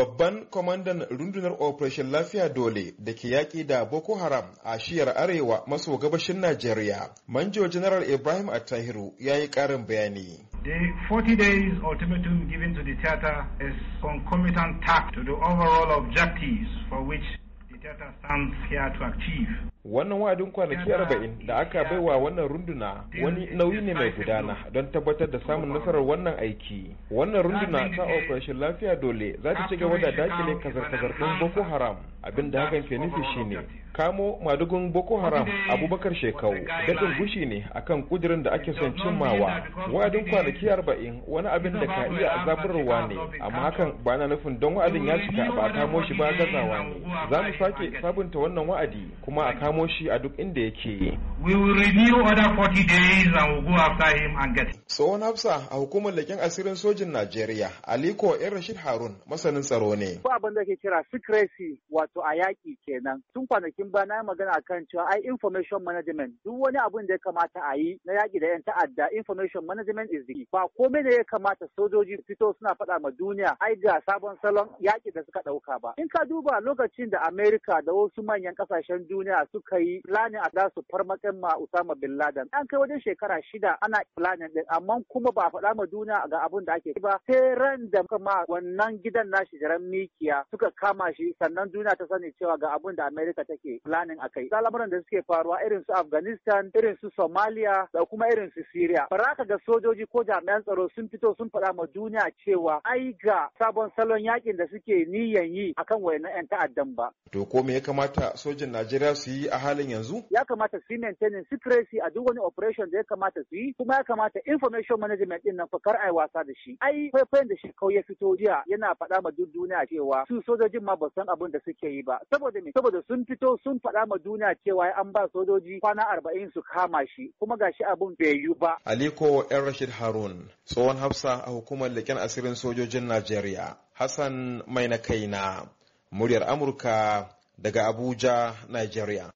Babban kwamandan rundunar Operation Lafiya Dole da ke yaƙi da Boko Haram a shiyar Arewa maso gabashin Najeriya, Manjo General Ibrahim Attahiru ya yi ƙarin bayani. The 40 days ultimatum given to the theater is concomitant task to the overall objectives for which the theater stands here to achieve. wannan wa'adin kwanaki arba'in da aka baiwa wannan runduna wani nauyi ne mai gudana don tabbatar da samun nasarar wannan aiki wannan runduna ta operation lafiya dole za ta ci gaba da dakile kazar-kazar ɗin boko haram abin da hakan ke nufi shine kamo madugun boko haram abubakar shekau daɗin gushi ne akan kudirin da ake son cimmawa wa'adin kwanaki arba'in wani abin da ka iya zaburarwa ne amma hakan ba na nufin don wa'adin ya cika ba a kamo shi ba gazawa ne za mu sake sabunta wannan wa'adi kuma a kamo samo shi a duk inda yake. We will other 40 days and we'll go after him and get him. Tsohon Hafsa a hukumar leƙen asirin sojin Najeriya, Aliko ‘yan Rashid Harun masanin tsaro ne. Ko abin da ke kira secrecy wato a yaƙi kenan. Tun kwanakin ba na magana kan cewa ai information management duk wani abin da ya kamata a yi na yaƙi da ‘yan ta'adda information management is the Ba komai da ya kamata sojoji fito suna faɗa ma duniya ai ga sabon salon yaƙi da suka ɗauka ba. In ka duba lokacin da Amerika da wasu manyan ƙasashen duniya suka suka yi planin a za su farmakin ma Usama bin Laden. An kai wajen shekara shida ana planin din amma kuma ba a faɗa ma duniya ga abin da ake ba sai ran da ma wannan gidan nashi jaran mikiya suka kama shi sannan duniya ta sani cewa ga abin da Amerika take planin a kai. Al'amuran da suke faruwa irin su Afghanistan, irin su Somalia da kuma irin su Syria. Ba ka ga sojoji ko jami'an tsaro sun fito sun faɗa ma duniya cewa ai ga sabon salon yakin da suke niyan yi akan wayannan 'yan ta'addan ba. To ko me ya kamata sojin Najeriya su yi a halin yanzu? Ya kamata su maintaining secrecy a duk wani operation da ya kamata su yi kuma ya kamata information management din nan fa kar ai wasa da shi. Ai faifayin da shi kawai ya fito jiya yana faɗa ma duk duniya cewa su sojojin ma ba san abin da suke yi ba. Saboda me? Saboda sun fito sun faɗa ma duniya cewa an ba sojoji kwana arba'in su kama shi kuma ga shi abin bai yiwu ba. Aliko ‘yan Rashid Harun, tsohon hafsa a hukumar leƙen asirin sojojin Najeriya, Hassan Mai na kaina, muryar Amurka daga Abuja, Najeriya.